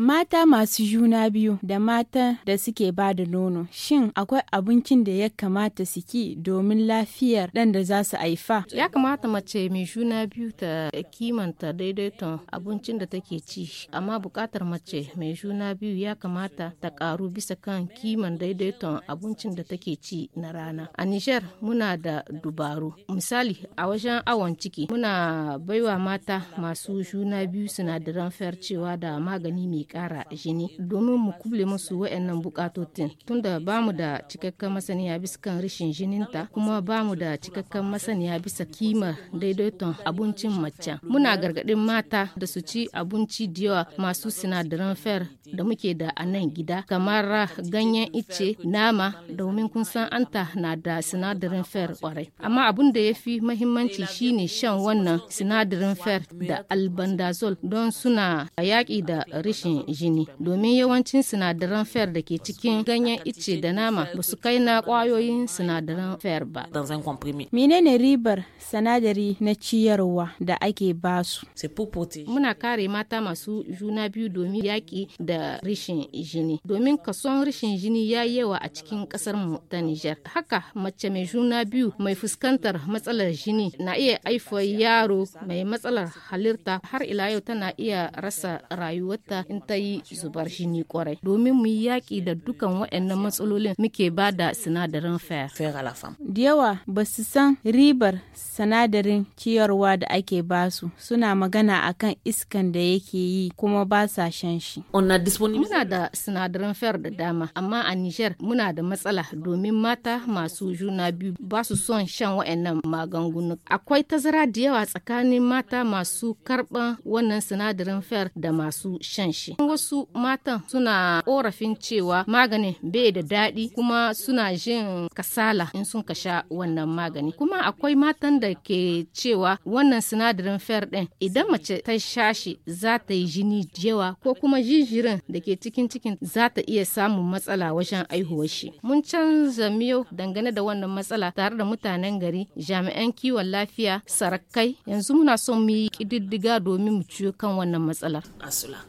Mata masu juna biyu da mata da suke ba da nono, shin akwai abincin da ya kamata su domin lafiyar ɗan da za su haifa? Ya kamata mace mai juna biyu ta kimanta daidaiton abincin da take ci, amma buƙatar mace mai juna biyu ya kamata ta karu bisa kan kiman daidaiton abincin da take ci na rana. A Nijar muna da dubaru. Misali, a wajen awon ciki muna baiwa mata masu juna biyu sinadaran cewa da magani mai kara jini domin mu kuble musu wa'annan bukatotin tunda ba mu da cikakken masaniya bisa kan rashin jininta kuma ba mu da cikakken masaniya bisa kimar daidaiton abincin mace muna gargadin mata da su ci abinci da yawa masu sinadaran fer da muke da a nan gida kamar ganyen ice nama domin kun san anta na da sinadarin fer kwarai amma abin da ya fi mahimmanci shine shan wannan sinadarin fer da albandazol don suna yaƙi da rashin jini domin yawancin sinadaran fer da ke cikin ganyen ice da nama ba su kai na kwayoyin sinadaran fer ba. Menene ribar sinadari na ciyarwa da ake ba su. Muna kare mata masu juna biyu domin yaƙi da rishin jini. Domin kason rishin jini ya yawa a cikin ƙasar mu ta Nijar. Haka mace mai juna biyu mai fuskantar matsalar jini na iya haifa yaro mai matsalar halitta har ila yau tana iya rasa rayuwarta in ta yi zubar jini kwarai domin mu yi yaƙi da dukan waɗannan matsalolin muke ba da sinadarin fer. Da yawa ba su san ribar sinadarin ciyarwa da ake ba su. suna magana akan iskan da yake yi kuma ba sa shan shi. Muna da sinadarin fer da dama amma a Nijar muna da matsala domin mata masu juna biyu ba su son shan waɗannan magangunu Akwai tazara da yawa tsakanin mata masu karɓan wannan sinadarin fer da masu shan shi. Wasu matan suna korafin cewa maganin bai da daɗi kuma suna jin kasala in sun ka sha wannan magani. Kuma akwai matan da ke cewa wannan sinadarin fer ɗin idan mace ta sha shi za ta yi jini yawa ko kuma jinjirin da ke cikin cikin za ta iya samun matsala wajen aihuwar shi. Mun canza miyo dangane da wannan matsala tare da mutanen gari jami'an kiwon lafiya sarakai yanzu muna son mu yi ƙididdiga domin mu ciyo kan wannan matsalar.